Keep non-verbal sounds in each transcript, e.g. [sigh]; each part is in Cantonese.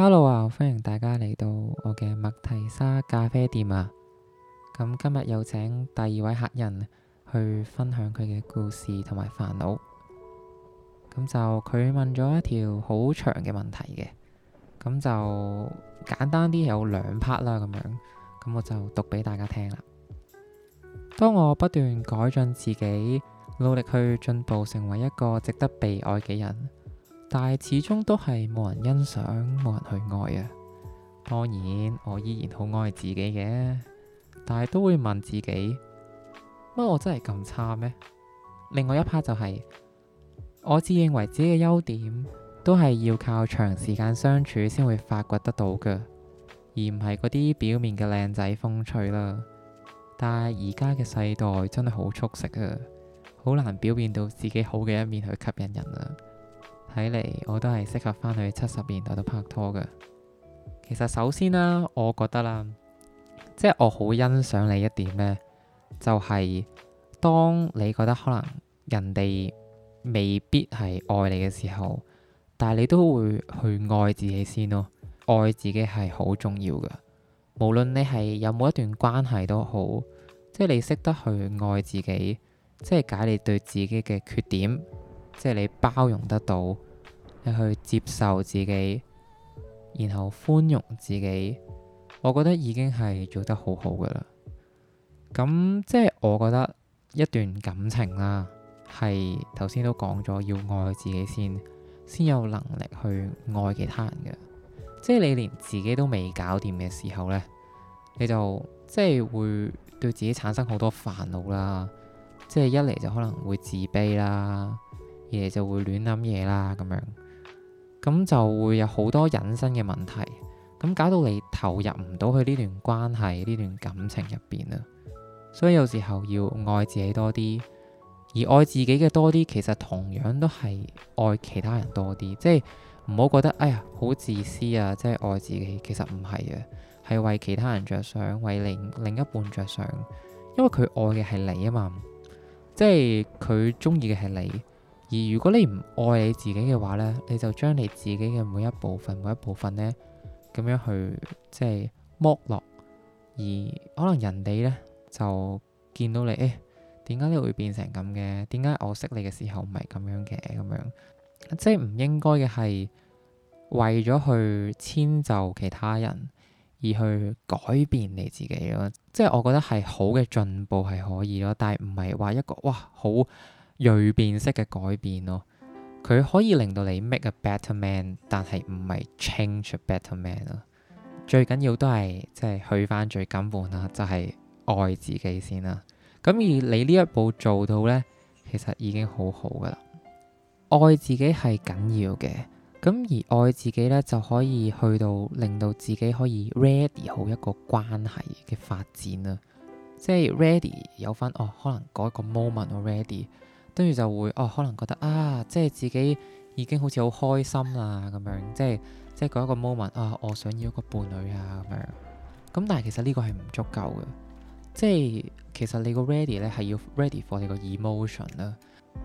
Hello 啊，歡迎大家嚟到我嘅麥提莎咖啡店啊。咁今日有請第二位客人去分享佢嘅故事同埋煩惱。咁就佢問咗一條好長嘅問題嘅，咁就簡單啲有兩 part 啦，咁樣，咁我就讀俾大家聽啦。當我不斷改進自己，努力去進步，成為一個值得被愛嘅人。但係始終都係冇人欣賞，冇人去愛啊。當然我依然好愛自己嘅，但係都會問自己乜，我真係咁差咩？另外一 part 就係、是、我自認為自己嘅優點，都係要靠長時間相處先會發掘得到嘅，而唔係嗰啲表面嘅靚仔風趣啦。但係而家嘅世代真係好速食啊，好難表現到自己好嘅一面去吸引人啊。睇嚟我都係適合返去七十年代度拍拖㗎。其實首先啦、啊，我覺得啦、啊，即係我好欣賞你一點咧，就係、是、當你覺得可能人哋未必係愛你嘅時候，但係你都會去愛自己先咯。愛自己係好重要㗎，無論你係有冇一段關係都好，即係你識得去愛自己，即係解你對自己嘅缺點，即係你包容得到。去接受自己，然後寬容自己，我覺得已經係做得好好噶啦。咁即係我覺得一段感情啦、啊，係頭先都講咗，要愛自己先，先有能力去愛其他人嘅。即係你連自己都未搞掂嘅時候咧，你就即係會對自己產生好多煩惱啦。即係一嚟就可能會自卑啦，二嚟就會亂諗嘢啦，咁樣。咁就會有好多引申嘅問題，咁搞到你投入唔到去呢段關係、呢段感情入邊啦。所以有時候要愛自己多啲，而愛自己嘅多啲，其實同樣都係愛其他人多啲。即係唔好覺得哎呀好自私啊！即係愛自己，其實唔係啊，係為其他人着想，為另另一半着想，因為佢愛嘅係你啊嘛，即係佢中意嘅係你。而如果你唔愛你自己嘅話咧，你就將你自己嘅每一部分、每一部分咧，咁樣去，即係剝落。而可能人哋咧就見到你，誒，點解你會變成咁嘅？點解我識你嘅時候唔係咁樣嘅？咁樣，即係唔應該嘅係，為咗去遷就其他人，而去改變你自己咯。即係我覺得係好嘅進步係可以咯，但係唔係話一個哇，好。銳變式嘅改變咯，佢可以令到你 make a better man，但係唔係 change a better man 咯。最緊要都係即係去翻最根本啦，就係、是、愛自己先啦。咁而你呢一步做到咧，其實已經好好噶啦。愛自己係緊要嘅，咁而愛自己咧就可以去到令到自己可以 ready 好一個關係嘅發展啦。即係 ready 有翻哦，可能嗰個 moment 哦 ready。跟住就會哦，可能覺得啊，即係自己已經好似好開心啦咁樣，即係即係嗰一個 moment 啊，我想要一個伴侶啊咁樣。咁但係其實呢個係唔足夠嘅，即係其實你個 ready 咧係要 ready for 你個 emotion 啦，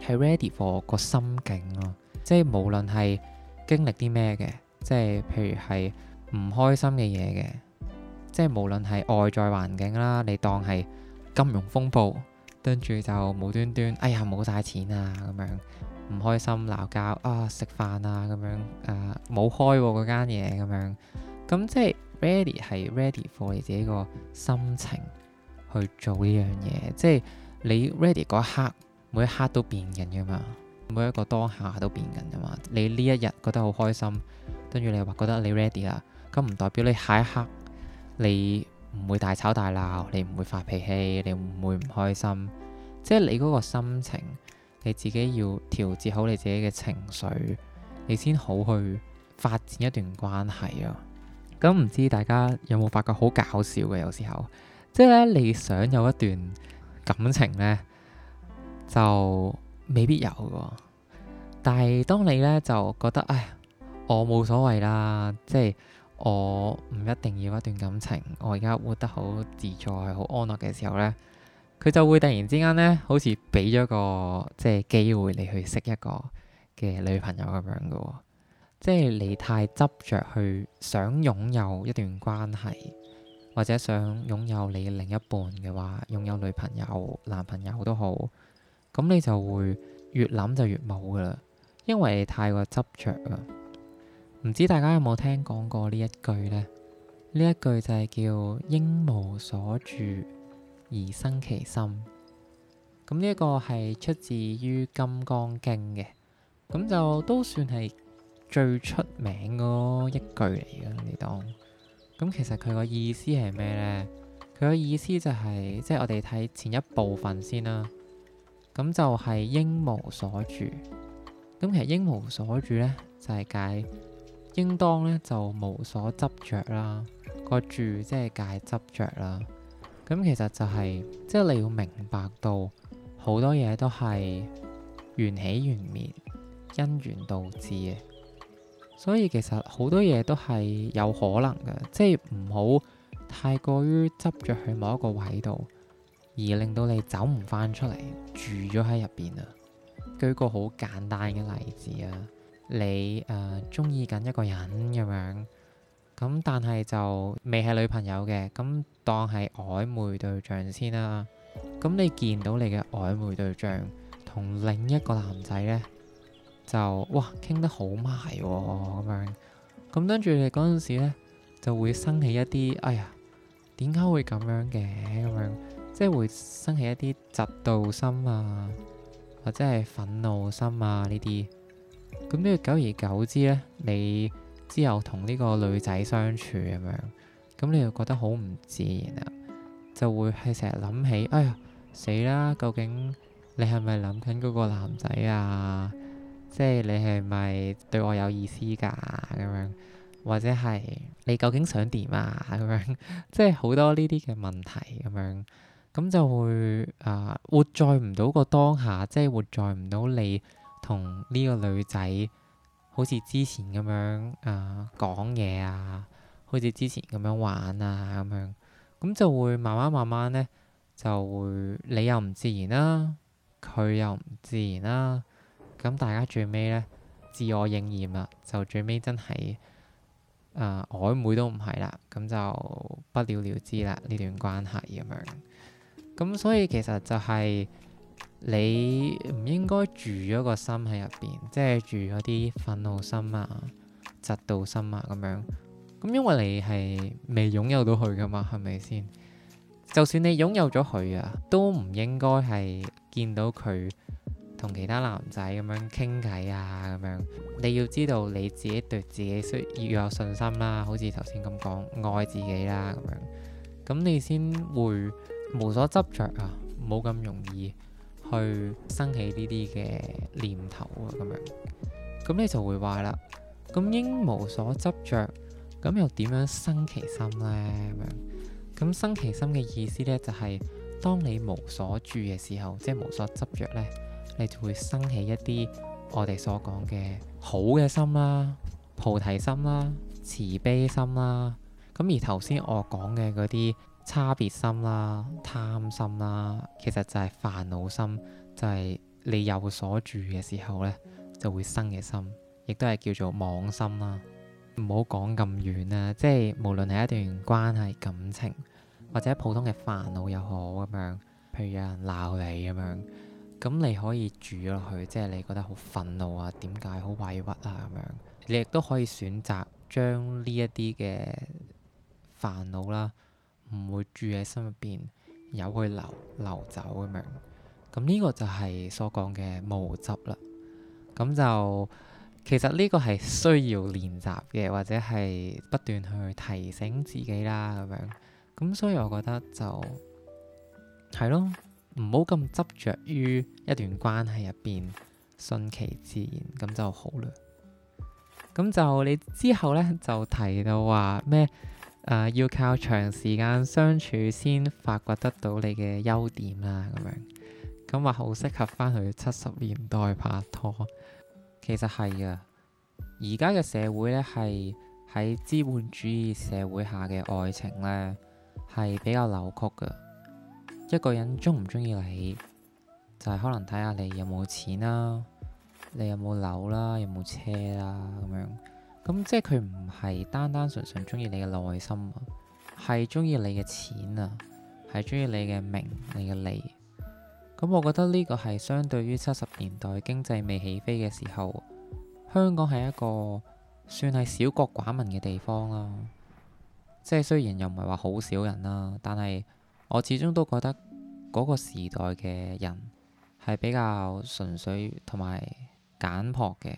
係 ready for 個心境咯。即係無論係經歷啲咩嘅，即係譬如係唔開心嘅嘢嘅，即係無論係外在環境啦，你當係金融風暴。跟住就無端端，哎呀冇晒錢啊咁樣，唔開心鬧交啊食飯啊咁樣，啊，冇開嗰間嘢咁樣。咁即係 ready 係 ready for 你自己個心情去做呢樣嘢。即係你 ready 嗰刻，每一刻都變緊㗎嘛，每一個當下都變緊㗎嘛。你呢一日覺得好開心，跟住你又話覺得你 ready 啦，咁唔代表你下一刻你，唔會大吵大鬧，你唔會發脾氣，你唔會唔開心，即係你嗰個心情，你自己要調節好你自己嘅情緒，你先好去發展一段關係啊。咁唔知大家有冇發覺好搞笑嘅，有時候，即係咧你想有一段感情咧，就未必有嘅。但係當你咧就覺得，唉，我冇所謂啦，即係。我唔一定要一段感情，我而家活得好自在、好安樂嘅時候呢，佢就會突然之間呢，好似俾咗個即係機會你去識一個嘅女朋友咁樣噶喎，即係你太執着去想擁有一段關係，或者想擁有你另一半嘅話，擁有女朋友、男朋友都好，咁你就會越諗就越冇噶啦，因為你太過執着啊。唔知大家有冇聽講過呢一句呢？呢一句就係叫應無所住而生其心。咁呢一個係出自於《金剛經》嘅，咁就都算係最出名嗰一句嚟嘅。你當咁，其實佢個意思係咩呢？佢個意思就係，即係我哋睇前一部分先啦。咁就係應無所住。咁其實應無所住呢，就係解。應當咧就無所執着啦，個住即係戒執着啦。咁其實就係即係你要明白到好多嘢都係緣起緣滅、因緣導致嘅，所以其實好多嘢都係有可能嘅，即係唔好太過於執着去某一個位度，而令到你走唔翻出嚟，住咗喺入邊啊。舉個好簡單嘅例子啊～你誒中意緊一個人咁樣，咁但係就未係女朋友嘅，咁當係曖昧對象先啦。咁你見到你嘅曖昧對象同另一個男仔咧，就哇傾得好埋喎，咁樣。咁跟住你嗰陣時咧，就會生起一啲哎呀，點解會咁樣嘅咁樣，即係會生起一啲嫉妒心啊，或者係憤怒心啊呢啲。咁呢個久而久之咧，你之後同呢個女仔相處咁樣，咁你就覺得好唔自然啦，就會係成日諗起，哎呀死啦，究竟你係咪諗緊嗰個男仔啊？即係你係咪對我有意思噶？咁樣或者係你究竟想點啊？咁樣即係好多呢啲嘅問題咁樣，咁就會啊，活在唔到個當下，即係活在唔到你。同呢個女仔好似之前咁樣啊講嘢啊，好似之前咁樣玩啊咁樣，咁就會慢慢慢慢咧就會你又唔自然啦、啊，佢又唔自然啦、啊，咁大家最尾咧自我應驗啦，就最尾真係啊曖昧都唔係啦，咁就不了了之啦呢段關係咁樣，咁所以其實就係、是。你唔應該住咗個心喺入邊，即係住咗啲憤怒心啊、嫉妒心啊咁樣。咁因為你係未擁有到佢㗎嘛，係咪先？就算你擁有咗佢啊，都唔應該係見到佢同其他男仔咁樣傾偈啊，咁樣你要知道你自己對自己需要有信心啦、啊。好似頭先咁講，愛自己啦，咁樣咁你先會無所執着啊，冇咁容易，去生起呢啲嘅念頭啊，咁樣，咁你就會話啦，「咁應無所執着，咁又點樣生其心呢？」咁樣，咁生其心嘅意思咧、就是，就係當你無所住嘅時候，即係無所執着咧，你就會生起一啲我哋所講嘅好嘅心啦、菩提心啦、慈悲心啦，咁而頭先我講嘅嗰啲。差別心啦、貪心啦，其實就係煩惱心，就係你有所住嘅時候咧，就會生嘅心，亦都係叫做妄心啦。唔好講咁遠啦，即係無論係一段關係、感情，或者普通嘅煩惱又好咁樣，譬如有人鬧你咁樣，咁你可以住落去，即係你覺得好憤怒啊，點解好委屈啊咁樣，你亦都可以選擇將呢一啲嘅煩惱啦。唔會住喺心入邊，有佢流流走咁樣，咁呢個就係所講嘅無執啦。咁就其實呢個係需要練習嘅，或者係不斷去提醒自己啦，咁樣。咁所以我覺得就係咯，唔好咁執着於一段關係入邊，順其自然咁就好啦。咁就你之後咧就提到話咩？誒、呃、要靠長時間相處先發掘得到你嘅優點啦，咁樣咁話好適合返去七十年代拍拖。其實係啊，而家嘅社會咧係喺資本主義社會下嘅愛情咧係比較扭曲嘅。一個人鍾唔鍾意你，就係、是、可能睇下你有冇錢啦，你有冇樓啦，有冇車啦咁樣。咁即係佢唔係單單純純中意你嘅內心啊，係中意你嘅錢啊，係中意你嘅名、你嘅利。咁我覺得呢個係相對於七十年代經濟未起飛嘅時候，香港係一個算係小國寡民嘅地方啦。即係雖然又唔係話好少人啦，但係我始終都覺得嗰個時代嘅人係比較純粹同埋簡樸嘅。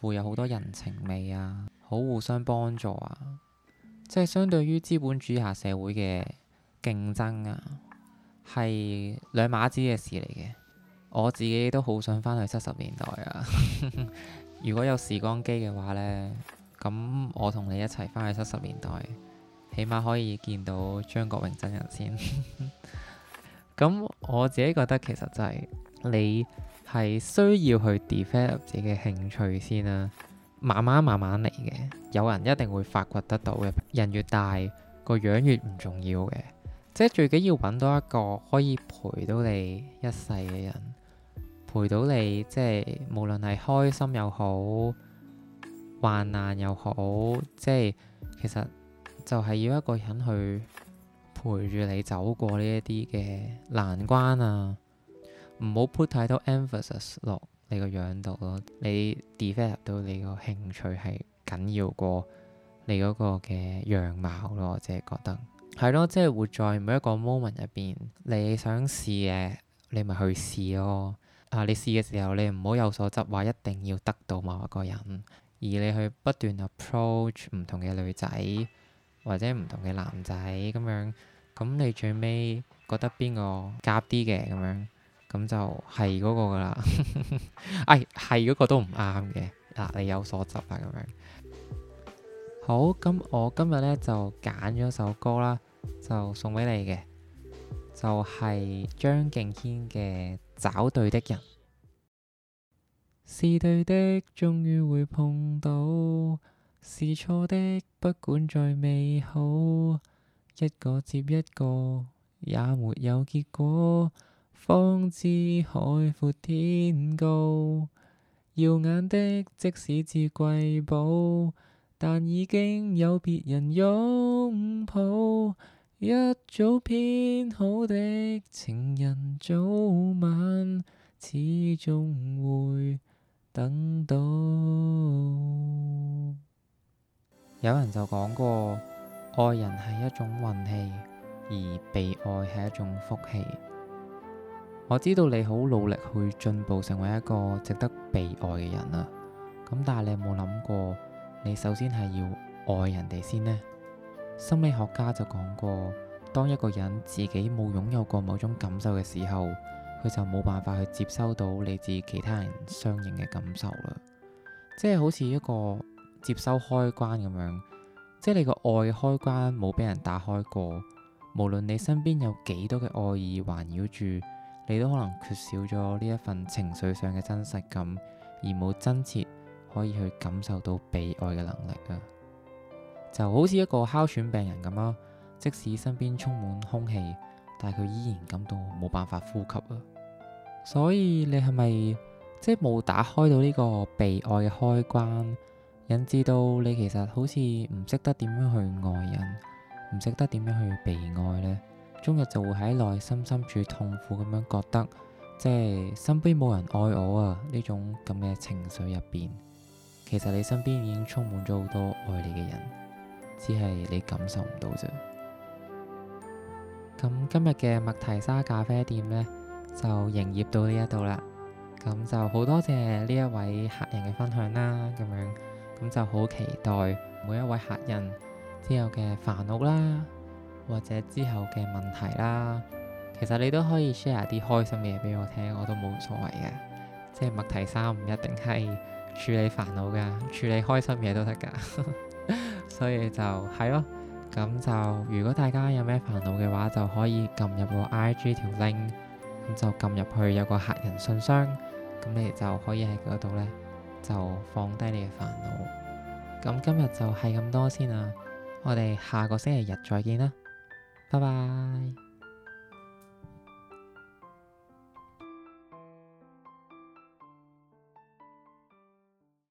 會有好多人情味啊，好互相幫助啊，即係相對於資本主義下社會嘅競爭啊，係兩碼子嘅事嚟嘅。我自己都好想返去七十年代啊， [laughs] 如果有時光機嘅話呢，咁我同你一齊返去七十年代，起碼可以見到張國榮真人先。咁 [laughs] 我自己覺得其實就係、是、你。係需要去 develop 自己嘅興趣先啦，啊，慢慢慢慢嚟嘅。有人一定會發掘得到嘅。人越大，個樣越唔重要嘅。即係最緊要揾到一個可以陪到你一世嘅人，陪到你即係無論係開心又好，患難又好，即係其實就係要一個人去陪住你走過呢一啲嘅難關啊！唔好 put 太多 emphasis 落你個樣度咯。你 develop 到你個興趣係緊要過你嗰個嘅樣貌咯。我自己覺得係咯，即係活在每一個 moment 入邊，你想試嘅，你咪去試咯。啊，你試嘅時候，你唔好有所執，話一定要得到某一個人，而你去不斷 approach 唔同嘅女仔或者唔同嘅男仔咁樣，咁你最尾覺得邊個夾啲嘅咁樣？咁就係嗰個噶啦、 [laughs] 哎，誒係嗰個都唔啱嘅嗱，你有所執啊，咁樣好咁，我今日呢，就揀咗首歌啦，就送俾你嘅，就係、是、張敬軒嘅《找對的人》。是對的，終於會碰到；是錯的，不管再美好，一個接一個，也沒有結果。方知海闊天高，耀眼的即使至瑰寶，但已經有別人擁抱。一早編好的情人，早晚始終會等到。有人就講過，愛人係一種運氣，而被愛係一種福氣。我知道你好努力去進步，成為一個值得被愛嘅人啊。咁，但係你有冇諗過，你首先係要愛人哋先呢？心理學家就講過，當一個人自己冇擁有過某種感受嘅時候，佢就冇辦法去接收到你自其他人相應嘅感受啦。即係好似一個接收開關咁樣，即係你個愛嘅開關冇俾人打開過，無論你身邊有幾多嘅愛意環繞住。你都可能缺少咗呢一份情緒上嘅真實感，而冇真切可以去感受到被愛嘅能力啊！就好似一個哮喘病人咁啦，即使身邊充滿空氣，但係佢依然感到冇辦法呼吸啊！所以你係咪即係冇打開到呢個被愛嘅開關，引致到你其實好似唔識得點樣去愛人，唔識得點樣去被愛呢？終日就會喺內心深處痛苦咁樣覺得，即係身邊冇人愛我啊！呢種咁嘅情緒入邊，其實你身邊已經充滿咗好多愛你嘅人，只係你感受唔到啫。咁今日嘅麥提莎咖啡店呢，就營業到呢一度啦。咁就好多謝呢一位客人嘅分享啦。咁樣咁就好期待每一位客人之後嘅煩惱啦。或者之後嘅問題啦，其實你都可以 share 啲開心嘅嘢俾我聽，我都冇所謂嘅。即係麥提莎唔一定係處理煩惱嘅，處理開心嘢都得㗎。 [laughs] 所以就係咯，咁就如果大家有咩煩惱嘅話，就可以撳入我 I G 條 link，咁就撳入去有個客人信箱，咁你就可以喺嗰度呢，就放低你嘅煩惱。咁今日就係咁多先啦，我哋下個星期日再見啦。拜拜。